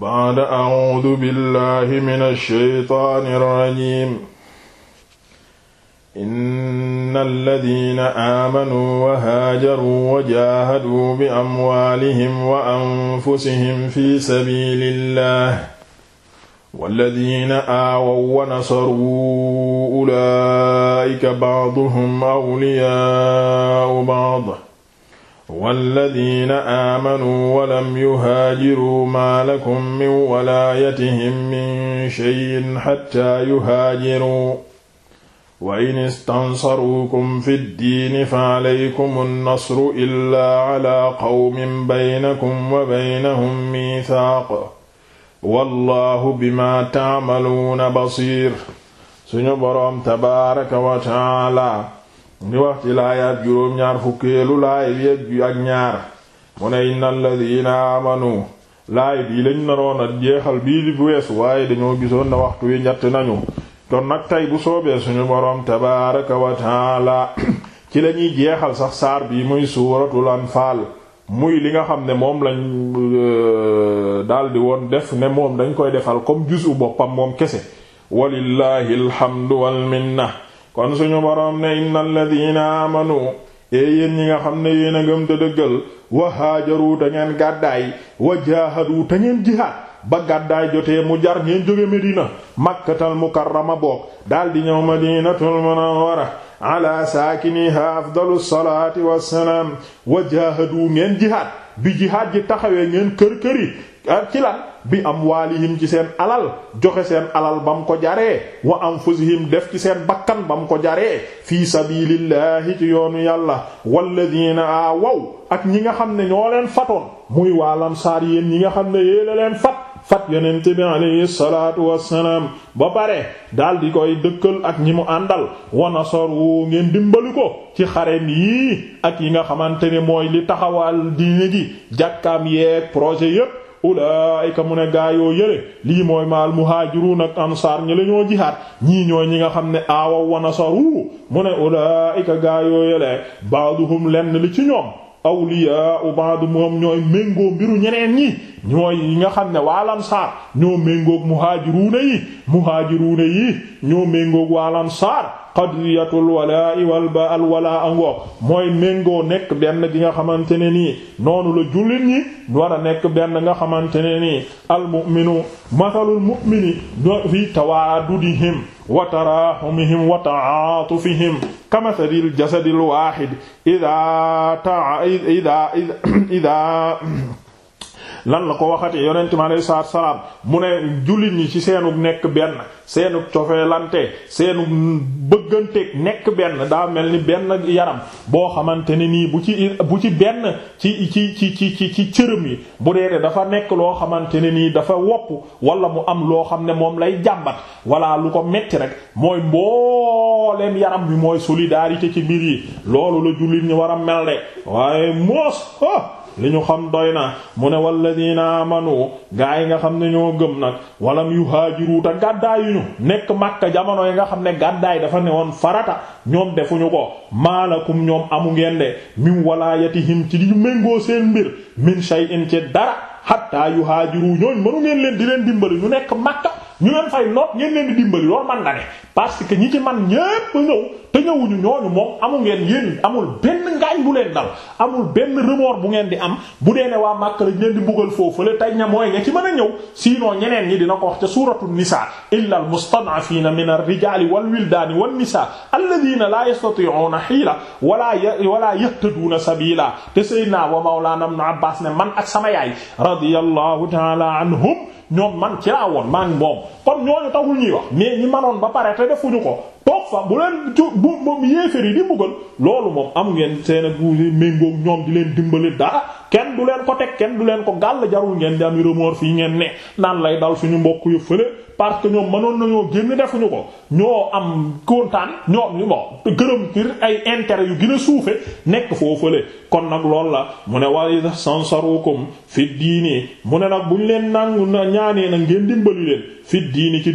baada audu billahi min alsheytaani alrajim inna alladina aamanuu wa haajaruu wa jaahaduu bi amwaalihim wa anfusihim fi sabilillah walladina aawaw wa nasaruu ulaika baaduhum awliyaau baad walladina aamanuu walam yuhaajiruu maa lakum min walaayatihim min sheyin xatta yuhaajiruu wa in istansaruukum fi ddiini faalaykum nnasru illaa calaa qawmin baynakum wa baynahum miithaaq wallahu bimaa tacmaluuna basiir suñu boroom tabaaraka wa taala ñu wax ci laayaat juróom-ñaar fukkeelu laay bi ak ñaar mu ne inna alladina amanu laay bii lañ naroon a jeexal bii bu weesu waaye dañoo gisoon na waxtu wi ñett nañu kon nag tey bu soobee suñu boroom tabaraka wa taala ci la ñuy jeexal sax saar bii muy suuratul anfaal muy li nga xam ne moom lañ euh, daldi woon def ne moom dañ koy defal comme juzu boppam moom kese walillahi alhamdu wal minna kon suñu boroom ne innal ladina amanu ee yéen ñi nga xam ne yéen a ngëm te dëggal wa haajaru ngeen gàddaay wa jaahadu te ngeen jihaad ba gàddaay jotee mu jar ngeen jóge Medina makkatal mukarrama boog daal di ñëw madinatul munawwara ala saakiniha afdalu salaati wassalaam wa jaahadu ngeen jihaad bi jihaad ji taxawee ngeen kër këri ak ci lan bi am amwaalihim ci seen alal joxe seen alal ba mu ko jaree wa anfusihim def ci seen bakkan ba mu ko jaree fii sabilillahi ci yoonu yàlla walladina aawaw ak ñi nga xam ne ñoo leen fatoon muy waalam saar yéen ñi nga xam ne yéena leen fat fat yonent bi alayhi salaatu wassalaam ba pare daal di koy dëkkal ak ñi mu àndal wana sor wu ngeen dimbali ko ci xarem yii ak yi nga xamante ne mooy li taxawal diine gi jàkkaam yeeg projet yépp ulaayika mu ne gaa yoo yële lii mooy maal muhaajiruun ak ansaar ñi la ñoo jihaat ñii ñooy ñi nga xam ne aawaw wa nasaru mu ne ulaayika gaa yoo yële baaduhum lenn li ci ñoom awliya u baadu moom ñooy méngoo mbiru ñeneen ñi ñooy yi nga xam ne waalansaar ñoo méngoog muhaajiruuna yi muhaajiruuna yi ñoo méngoog waalansaar qadriyatul walaa'i wal ba al walaa angoo mooy méngoo nekk benn gi nga xamante ne nii noonu la jullit ñi war a nekk benn nga xamante ne nii al mu'minu mathalul mu'mini fi tawaadudihim wa taraahumihim wa ta'aatufihim kamathalil jasadil waahid idaa taa idaa idaa lan la ko waxati yonent mi alayhi salaatu salaam mu ne jullit ñi ci seenu nekk benn seenug cofeelante seenug bëgganteeg nekk benn daa mel ni benn yaram boo xamante ne nii bu ci bu ci benn ci ci ci ci ci ci cërëm yi bu dee dafa nekk loo xamante ne nii dafa wopp wala mu am loo xam ne moom lay jàmbat wala lu ko metti rek mooy mbooleem yaram bi mooy solidarité ci mbir yi loolu la jullit ñi war a mel de waaye moos ah li ñu xam doy na mu ne walladina amanu gaa yi nga xam ne ñoo gëm nag walam yu ta gàddaay yu ñu nekk Makka jamono yi nga xam ne gàddaay dafa ne woon farata ñoom defuñu ko maalakum ñoom amu ngeen de min walaayatihim ci di méngoo seen mbir min shay'in ci dara hatta yuhaajiru ñooñ mënu ngeen leen di leen dimbali ñu nekk Makka ñu leen fay noot ngeen leen di dimbali loolu man na ne parce que ñi ci man ñépp ñëw te ñëwuñu ñooñu moo amu ngeen yéen amul benn ngaañ bu leen dal amul benn remords bu ngeen di am bu dee waa Makka la ngeen di mbugal foofu la ta ña mooy ña ci mën a ñëw sinon ñeneen ñi dina ko wax ca suuratu nisaa illa al mustad'afiina min ar-rijaali wal wildaani wan nisaa alladhiina laa yastati'uuna hiila wala wala yahtaduuna sabiila te sayyidina wa mawlaana ibn Abbaas ne man ak sama yaay radiyallahu ta'ala anhum ñoom man ci laa woon maa ngi moom comme ñooñu taxul ñuy wax mais ñi manoon ba pare te defuñu ko toog fa bu leen ju bu moom yéefér yi di mbugal loolu moom am ngeen seen ak méngoog ñoom di leen dimbali daa kenn du leen ko teg kenn du leen ko gàll jarul ngeen di am remords fii ngeen ne naan lay dal suñu mbokk yu fële parce que ñoom mënoon nañoo génn defuñu ko ñoo am kontaan ñoom ñu mo gërëm ngir ay intérêt yu gën a suufe nekk foo fële kon nag lool la mu ne wa idha sansarukum fi diini mu ne nag buñ leen nangu ñaanee nag ngeen dimbali leen fi diini ci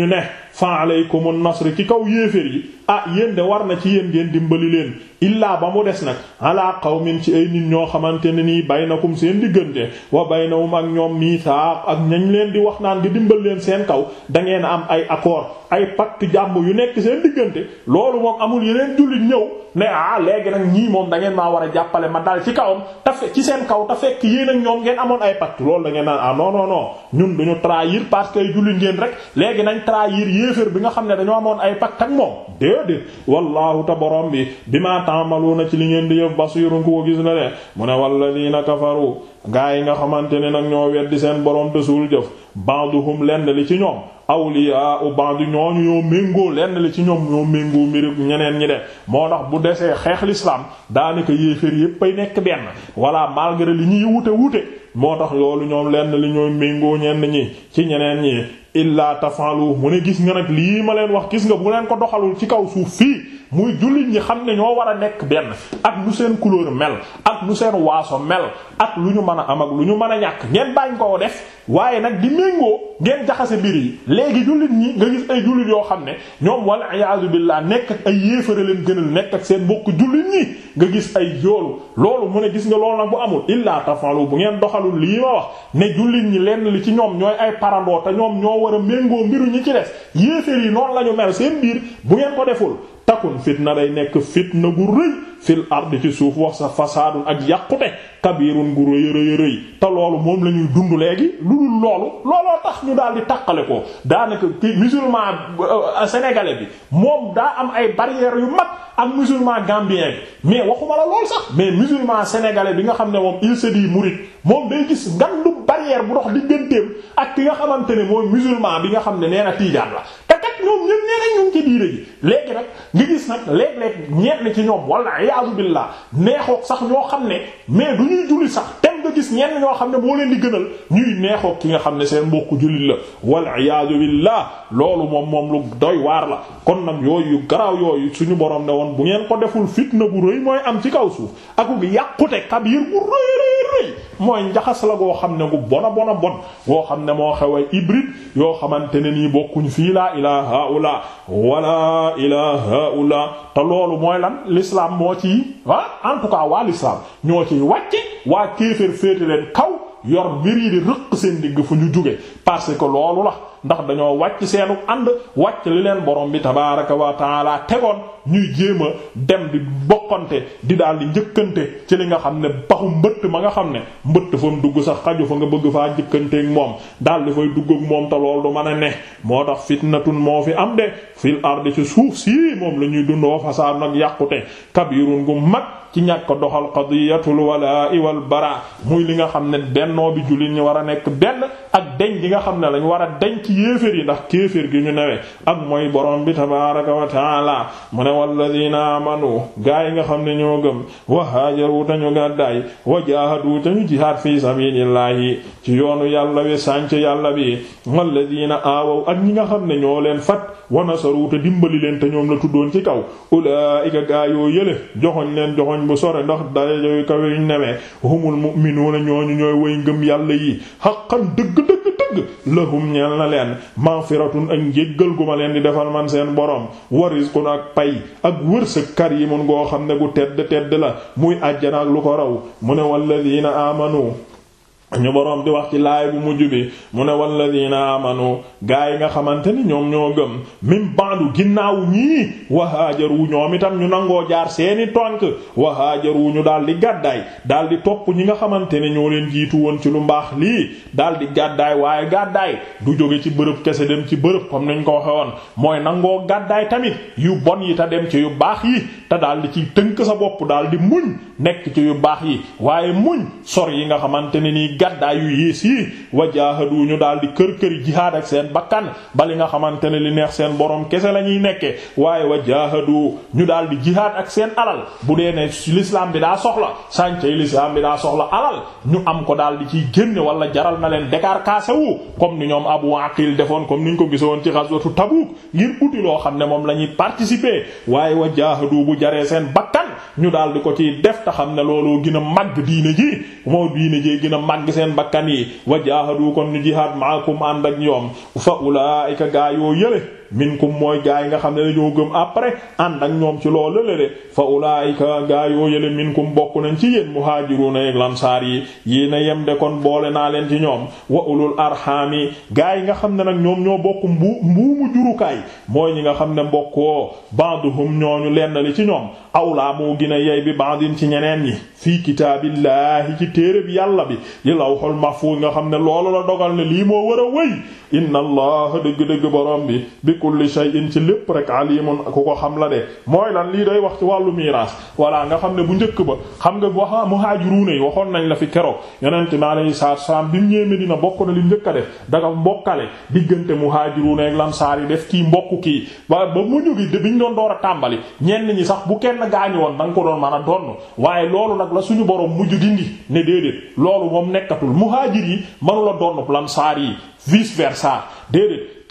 ñu ne fa alaykum an-nasr ci kaw yéeféer yi ah yéen de war na ci yéen ngeen dimbali leen illaa ba mu des nag ala qawmin ci ay nit ñoo xamante ne nii baynakum seen diggante wa baynahum ak ñoom miitaax ak ñañ leen di wax naan di dimbal leen seen kaw da ngeen am ay accord ay pacte jàmm yu nekk seen diggante loolu moom amul yeneen jullit ñëw ne ah léegi nag ñii moom da ngeen maa war a jàppale ma dal ci kawam te fe ci seen kaw te fekk yéen ak ñoom ngeen amoon ay pacte loolu da ngeen naan ah non non non parce que ay jullit rek léegi nañ trahir yéeféer bi nga xam ne dañoo amoon ay pacte ak moom déedéet wallaahu ta borom bi bima na ci li ngeen di yëf basiirun ku ko gis na de mu ne walladiina kafaru gaa yi nga xamante ne nag ñoo weddi seen borom te suul jëf ba'duhum lenn li ci ñoom awliya u ba'du ñooñu ñoo méngoo lenn li ci ñoom ñoo méngoo mbiri ñeneen ñi de moo tax bu desee xeex l'islam daanaka yéeféer yépp ay nekk benn voilà malgré li ñuy wute wute moo tax loolu ñoom lenn li ñooy méngoo ñenn ñi ci ñeneen ñi illaa tafalu mu ne gis nga nag lii ma leen wax gis nga bu leen ko doxalul ci kaw suuf fii muy jullit ñi xam ne ñoo war a nekk benn ak nu seen couleur mel ak nu seen waaso mel ak lu ñu mën a am lu ñu mën a ñàkk ngeen bañ koo def waaye nag di méngoo ngeen jaxase mbir yi léegi jullit ñi nga gis ay jullit yoo xam ne ñoom wal iyaazu billah nekk ak ay yéefare leen gënal nekk ak seen mbokk jullit nga gis ay yoolu loolu mu ne gis nga loolu nag bu amul illaa tafalu bu ngeen doxalul lii ma wax ne jullit ñi lenn li ci ñoom ñooy ay parandoo te ñoom ñoo war a méngoo mbiru ñi ci des yéefar yi noonu la ñu mel seen biir bu ngeen ko deful takun fitna day nekk fitna gu rëy fil ardi ci suuf wax sa fasaadun ak yàqute kabirun gu rëy rëy rëy te loolu moom la ñuy dund léegi lu dul loolu looloo tax ñu daal di taqale ko daanaka musulman euh, sénégalais bi moom daa am ay barrières yu mag ak musulman gambien bi mais waxuma la lool sax nga xam ne moom il se dit mouride day gis ngandu barrière bu dox digganteem ak ki nga xamante ne mooy musulman bi nga xam ne nee na tiijaan la ñoom ñun nee nañ ñu ngi ci diine ji léegi nag nga gis nag léeg-léeg ñenn ci ñoom wala iyaazu billah neexook sax ñoo xam ne mais du ñuy julli sax tem nga gis ñenn ñoo xam ne moo leen di gënal ñuy neexook ki nga xam ne seen mbokku jullit la wala iyaazu billah loolu moom moom lu doy waar la kon nag yooyu yu garaaw yooyu suñu borom ne woon bu ngeen ko deful fitna bu rëy mooy am ci kaw suuf ak yàqute kabiir bu rëy rëy mooy njaxas la goo xam ne gu bona bona bon goo xam ne moo xew ay yoo xamante ne nii bokkuñu fii laa ilaa haula wala ilaa haula te loolu mooy lan lislaam moo ci ah en tout cas waa l'islam ñoo ciy wàcc waa kéefër féete leen kaw yor mbir yi di rëq seen digg fu ñu jóge parce que loolu la ndax dañoo wàcc seenu ànd wàcc li leen borom bi tabaaraka wa taala tegoon ñuy jéem a dem di bokkante di daal di njëkkante ci li nga xam ne baxu mbëtt ma nga xam ne mbëtt fa dugg sax xaju fa nga bëgg faa njëkkanteeg moom daal di fay dugg ak moom te lool du mën a ne moo tax fitnatun moo fi am de fil ardi ci suuf sii moom la ñuy dundoo fasaad nag yàqute kabirun gu mag ci ñàkk doxal qadiyatul walla wal bara muy li nga xam ne bennoo bi jullit ñu war a nekk benn ak deñ gi nga xam ne lañ war a deñ yéefér yi ndax kéefér gi ñu newee ak mooy borom bi tabaaraka wa taala mu ne walladiina amanu gaa yi nga xam ne ñoo gëm wa haajaru tañu gàddaay wa jaahadu tañu jihaad fi sabilillahi ci yoonu yàlla wi sànc yàlla bi walladiina aawaw ak ñi nga xam ne ñoo leen fat wa nasaru te dimbali leen te ñoom la tuddoon ci kaw ulaa'ika gaa yoo yële joxoñ leen joxoñ bu sore ndax dara yooyu kawe ñu newee humul mu'minuuna ñooñu ñooy way ngëm yàlla yi haqqan dëgg-dëgg lahum ñeel na leen maghfiratun ak njéggal gu ma leen di defal man seen borom wa rizqun ak pay ak wërsëg karimun goo xam ne gu tedd tedd la muy àjjana ak lu ko raw mu ne walladina amanu ñu boroom di wax ci laay bu mujj bi mu ne walladina amanu gaa yi nga xamante ni ñoom ñoo gëm min bandu ginnaaw ñii wa wu ñoom itam ñu nangoo jaar seeni tonk wa wu ñu daal di gàddaay daal di topp ñi nga xamante ne ñoo leen jiitu woon ci lu mbaax lii daal di gàddaay waaye gàddaay du jóge ci bërëb kese dem ci bërëb comme nañ ko waxe woon mooy nangoo gàddaay tamit yu bon yi te dem ci yu baax yi te daal di ci tënk sa bopp daal di muñ nekk ci yu baax yi gàddaay yu yées yi wajaahadu ñu daal di kër këri jihaad ak seen bakkan bali nga xamante ne li neex seen borom kese la ñuy nekke waaye wajaahadu ñu daal di jihaad ak seen alal bu dee ne l'islam bi daa soxla sàncay l'islam bi daa soxla alal ñu am ko daal di ciy génne wala jaral na leen décarcassé wu comme ni ñoom Abu Aqil defoon comme ni ñu ko gisoon ci ghazwatu Tabuk ngir uti loo xam ne moom la ñuy participer waaye wajaahadu bu jaree seen bakkan ñu daal di ko ci def te ne looloo gën a màgg diine ji moo diine ji gën a màgg seen bakkan yi wajaahadu kon ñu jihaad maakum ànd ak ñoom fa ulaa'ika gaa yoo yële minkum mooy gaa yi nga xam ne dañoo gëm après ànd ak ñoom ci loolu lële fa ulaayika gaa yoo yële minkum bokk nañ ci yéen muhaajiruuna ak lansaar yi yéena yem de kon boole naa leen ci ñoom wa ulul arhaami gaa yi nga xam ne nag ñoom ñoo bokk mbuu mbuumu jurukaay mooy ñi nga xam ne mbokkoo ba'duhum ñooñu lenn li ci ñoom laa moo gën a yey bi ba'din ci ñeneen ñi fii kitaabillaahi ci téere bi yàlla bi li lawhul mahfuuz nga xam ne loolu la dogal ne lii moo war a wéy dëgg-dëgg borom bi kulli shay'in ci lépp rek alimun ku ko xam la de mooy lan lii day wax ci wàllu miraas voilà nga xam ne bu njëkk ba xam nga waxa muhaajiruun yi waxoon nañ la fi keroog yonent mi alayhi salaatu salaam bi mu ñëwee Medina bokk na li njëkk a def daga mbokkale diggante muhaajiruun ak lansaar yi def kii mbokk kii ba ba mu ñu gi de biñ doon door a tàmbali ñenn ñi sax bu kenn gaañu woon da nga ko doon mën a donn waaye loolu nag la suñu borom mujj dindi ne déedéet loolu moom nekkatul muhaajir yi mënula donn lansaar yi vice versa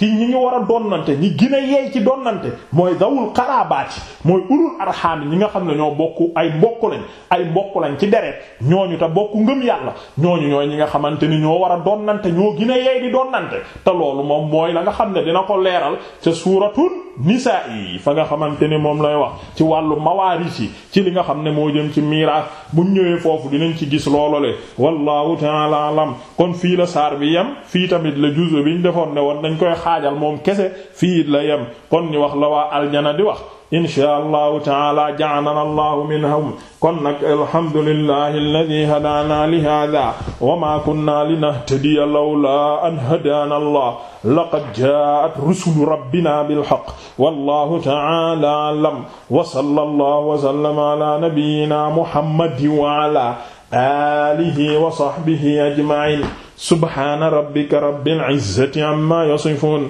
ci ñi ngi war a donnante ñi gën a yeey ci donnante mooy dawul xaraabaati mooy ulul arxaami ñi nga xam ne ñoo bokk ay mbokk lañ ay mbokk lañ ci deret ñooñu te bokk ngëm yàlla ñooñu ñooy ñi nga xamante ni ñoo war a donnante ñoo gën a yeey di donnante te loolu moom mooy la nga xam ne dina ko leeral ca suuratun nisaa yi fa nga xamante ne moom lay wax ci wàllu mawaaris si ci li nga xam ne moo jëm ci miraas buñ ñëwee foofu dinañ ci gis loolole wallahu ta'ala alam kon fii la saar bi yem fii tamit la juzu biñ defoon ne woon dañ koy xaajal moom kese fii la yem kon ñu wax la waa aljana di wax inshaa allahu taala ja'alana allahu minhum kon nag alhamdulillahi alladhi hadaana li haadaa wa maa kunna linahtadiya lawlaa an hadaana allah laqad jaa'at rusulu rabbina bilhaqq wallahu taala a'lam wa sallallahu wa sallama ala nabiyyina muhammadin wa ala alihi wa sahbihi ajma'in subhaana rabbika rabbil izzati amma yasifun